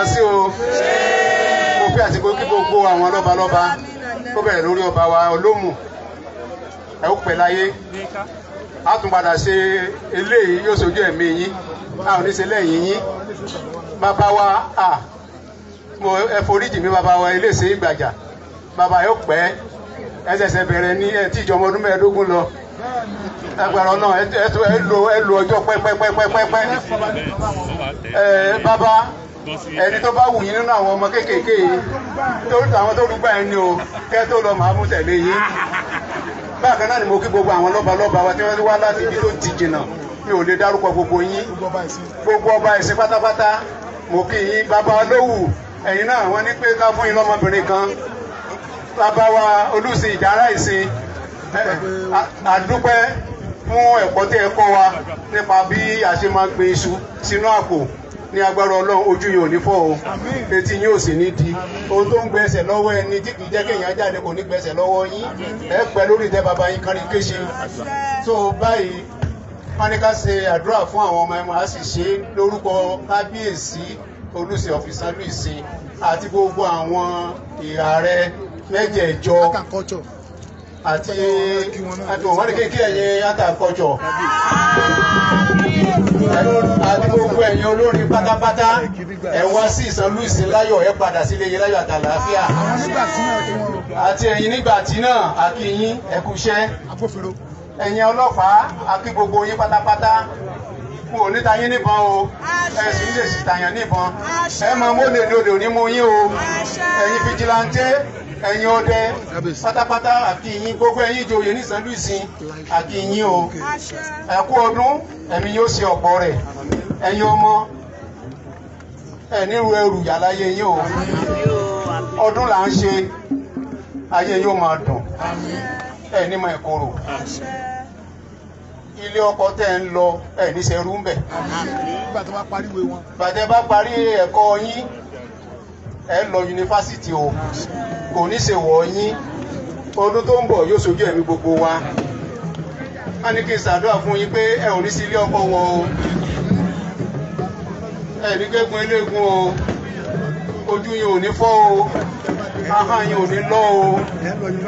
kan sí o mo pé àti kí gbogbo àwọn lọ́balọ́ba tó bẹ̀rẹ̀ lórí ọba wa olómù ẹ ó pẹ́ láyé a tún padà ṣe eléyìí yóò ṣojú ẹ̀mí yín a ò ní ṣe lẹ́yìn yín bàbá wa a mo ẹ foríjì mi bàbá wa iléeṣẹ́ ìgbàjà bàbá yóò pẹ́ ẹ ṣẹ̀ṣẹ̀ bẹ̀rẹ̀ ní ẹ tí ìjọba ọdún mẹ́ẹ̀ẹ́dógún lọ agbára náà ẹ lo ọjọ́ pẹ́pẹ́pẹ́pẹ́pẹ́ ẹ bàbá ẹni tó bá wù yín nínú àwọn ọmọ kéékèèké yìí àwọn tó rúgbà ẹni o kẹ́ tó lọ màá mú tẹ̀lé yín bákan náà ni mo kí gbogbo àwọn lọ́ba lọ́ba wa tí wọ́n wá láti ibi tó ti jìnnà mi ò lè dárúkọ gbogbo yín gbogbo ọba ẹ̀sìn pátápátá mo kí yín bàbá lówù ẹ̀yin náà wọ́n ní pé ká fún yín lọ́mọbìnrin kan bàbá wa olùsìn ìjàrá ìsìn àdúpẹ́ fún ẹ̀kọ́ tí ẹ kọ́ wa nípa bí a ṣe máa gbin iṣu sínú àpò ní agbára ọlọ́run ojú yìí ò ní fọ́ o etí yìí ò sì ní di ohun tó ń gbẹ̀sẹ̀ lọ́wọ́ ẹni tí kì í jẹ́ kéèyàn jáde kò ní gbẹ̀sẹ̀ lọ́wọ́ yín ẹ pẹ́ lórí ìtẹ́ bàbá yín kan ní kéṣe tó báyìí pánikà ṣe àdúrà fún àwọn ọmọ ẹ̀mọ́ a sì ṣe lórúkọ kábíyèsí olùsìn ọ̀fíìsà lùsìn àti gbogbo àwọn ìhà rẹ mẹ́jẹ̀ẹ̀jọ àti àti òwádìí kékeré yẹn yàtà kọjọ àti gbogbo ẹ̀yin olórin pátápátá ẹ wá sí ìsanlú ìsinláyọ̀ ẹ padà sílé yín láyọ̀ àtàlàáfíà àti ẹ̀yin nígbà tí náà a kí yín ẹ kúṣẹ́ ẹ̀yin ọlọ́pàá a gbogbo yín pátápátá kú ò yín níbọn o ẹ̀sìn ń lè sì tàyàn níbọn ẹ mọ mólè lòdò ní yín o ẹ̀yin fìjìláńtẹ́ ẹ̀yin ọdẹ pátápátá àti yín gbogbo ẹ̀yin ìjòyè ní St. Louis àti yín o ẹ kú ọdún ẹ̀mí yóò ṣe ọ̀pọ̀ rẹ̀ ẹ̀yin ọmọ ẹni ru ẹrù yàláyé yín o ọdún là ń ṣe ayé yóò máa dùn ẹni máa kóró ilé ọkọ tẹ ń lọ ẹni ṣe rú bàtẹ bá parí ẹ̀kọ́ yín ẹ lọ yunifásitì o kò ní ṣe wọ̀ yín ọdún tó ń bọ̀ yóò ṣojú ẹ̀mí gbogbo wa a ní kí n ṣàdúrà fún yín pé ẹ ò ní sí ilé ọkọ wọn o ẹ ní gégún eléégún o ojú yín ò ní fọ́ o ahọ́n yín ò ní lọ́ o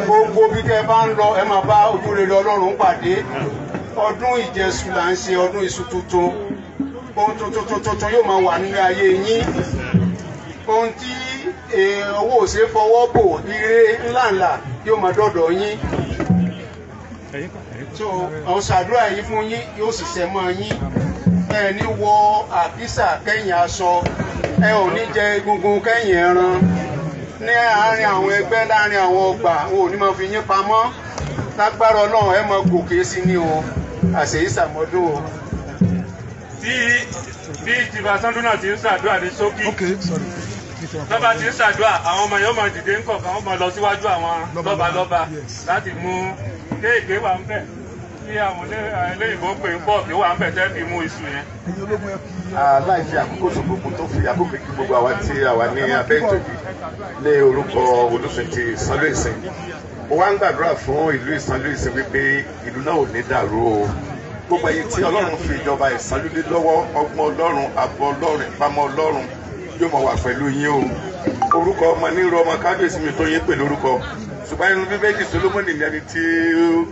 gbogbo bí kẹ́ bá ń lọ ẹ máa bá ojú rere Ọlọ́run pàdé ọdún ìjẹsù là ń ṣe ọdún iṣu tuntun ohun tuntun tuntun yóò máa wà nílé ayé yín ohun tí owó ò ṣeé fọwọ́ bò ire ńláńlá yóò máa dọ̀dọ̀ yín so àwọn ṣàdúrà yìí fún yín yóò sì ṣẹ mọ́ yín ẹ ní wọ àkísà kẹ́yìn aṣọ ẹ ò ní jẹ egungun kẹ́yìn ẹran ní àárín àwọn ẹgbẹ́ láàrin àwọn ọgbà wọn ò ní máa fi yín pamọ́ lágbára ọlọ́run ẹ máa gòkè sí ni o àṣeyí sàmọ́dún o. tí bí tìbà sanduna ti ń ṣàdúrà ní ṣókí lọ́ba ti ń ṣàdúrà àwọn ọmọ yẹn máa dìde ń kọ̀ọ̀kan wọ́n máa lọ síwájú àwọn lọ́ba lọ́ba láti mú kéèké wà ń bẹ̀ kí àwọn eléyìnbó pè ń pọ̀ kí wà ń bẹ̀ tẹ́ fi mú iṣu yẹn. aláìsí àkókò ṣòkòkò tó fi àkókò kí gbogbo àwa tí àwa ní abẹ́ ìtòbí lé orúkọ olófin ti ìsanlé ìsìn mo wá ń gbàdúrà fún ìlú ìsanlé ìsìn wípé ìlú náà ò ní dàrú o gbogbo ẹ̀yin tí ọlọ́run fi ìjọba ìsanlé lọ́wọ́ ọgbọ́n ọlọ́run àbọ̀ ọlọ́run ìpamọ́ ọlọ́run yóò mọ̀ wà pẹ̀lú yín o orúkọ ọmọ nírú ọmọ kábíyèsí mi tó yín pè lórúkọ ṣùgbọ́n inú bíbélì Solomoni ni ẹni tí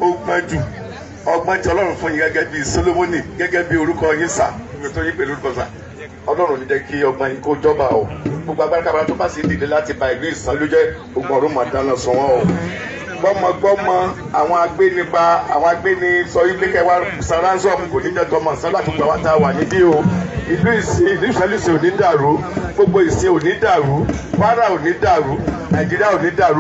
ó gbọ́n jù ọgbọ́n tí ọlọ́run fún yín gẹ́gẹ́ bí Solomoni gẹ́gẹ́ bí orúkọ yín sà tó yín pè lórúkọ sà ọlọ́run ní jẹ́ kí ọgbọ́n yín kó jọba o gbogbo agbárakàbára tó bá sì dìde láti ba ìlú ìsàlójẹ́ gbogbo ọ̀run mọ̀ dáná sọ wọ́n o gbọ́mọgbọ́mọ àwọn agbénipa àwọn agbéni sọ yín kẹwàá sàránṣọ́ọ̀mù kò ní jẹ́ tọmọ sálà gbogbo àwọn tá a wà níbí o. ìlú ìsìn ìlú gbogbo ìsìn ò kwara ò nàìjíríà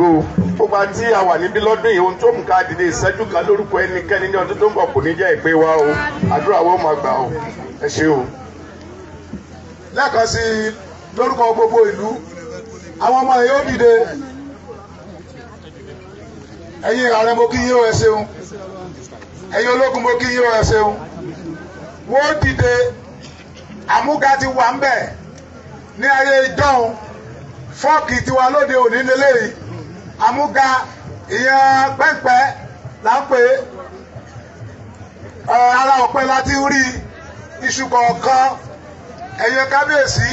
o gbogbo àti lọ́dún yìí ohun tó mú ká dìde ìṣẹ́jú kan lórúkọ ẹnikẹ́ni ní ọdún tó ń bọ̀ ní jẹ́ ìpè wa o àdúrà wọn máa gbà o ẹ ṣe lórúkọ gbogbo ìlú àwọn ọmọ yìí dìde ẹ̀yin ààrẹ mo kí yín ẹ ṣeun ẹ̀yin ológun mo kí yín ẹ ṣeun wọ́n dìde. àmúga ti wà ń bẹ̀ ní ayé ìjọ́un fọ́ọ̀kì tiwa lóde òní nílé yìí àmúga ìyẹn pẹ́ńpẹ́ là ń pè é ara ọ̀pẹ láti rí iṣu kọ̀ọ̀kan ẹ̀yin kábíyèsí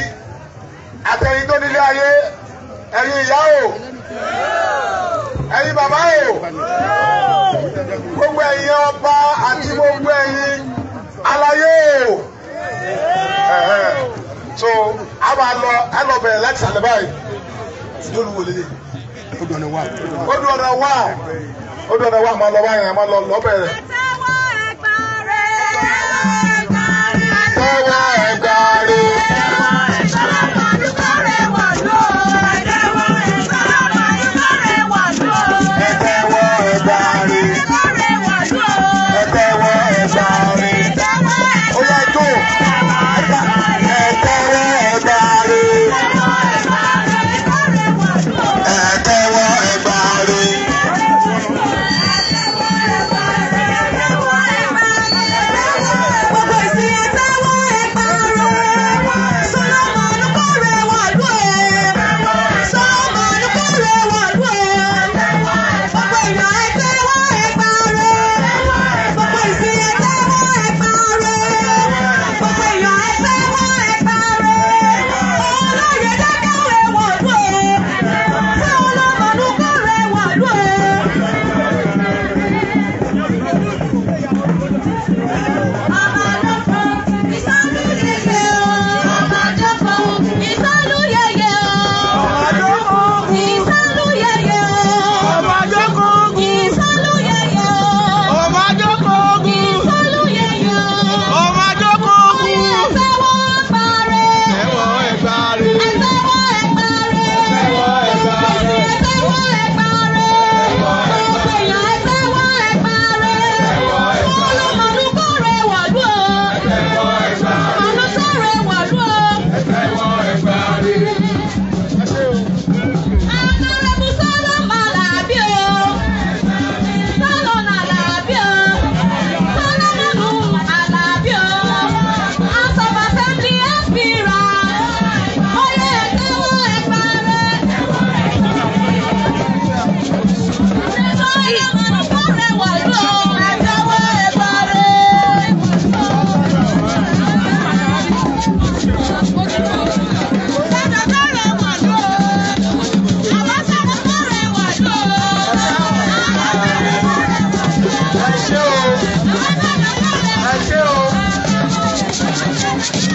àtẹ̀yin tó nílé ayé ẹ̀yin ìyá o ẹ̀yin bàbá o gbogbo ẹ̀yin ọba àti gbogbo ẹ̀yin alayé. o so a máa lọ a lọ bẹ̀rẹ̀ láti sàlẹ̀ báyìí. ìdóòlù wo lélẹ̀. ó dùn ọ̀nà wá. ó dùn ọ̀nà wá ó dùn ọ̀nà wá máa lọ báyìí máa lọ lọ bẹ̀rẹ̀. ẹ tẹ́wọ́ ẹ̀gbọ́n rẹ̀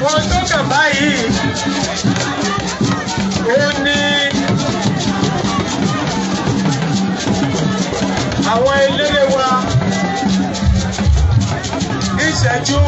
ohun tó kàn báyìí ó ní àwọn eléré wa ìṣẹ́jú.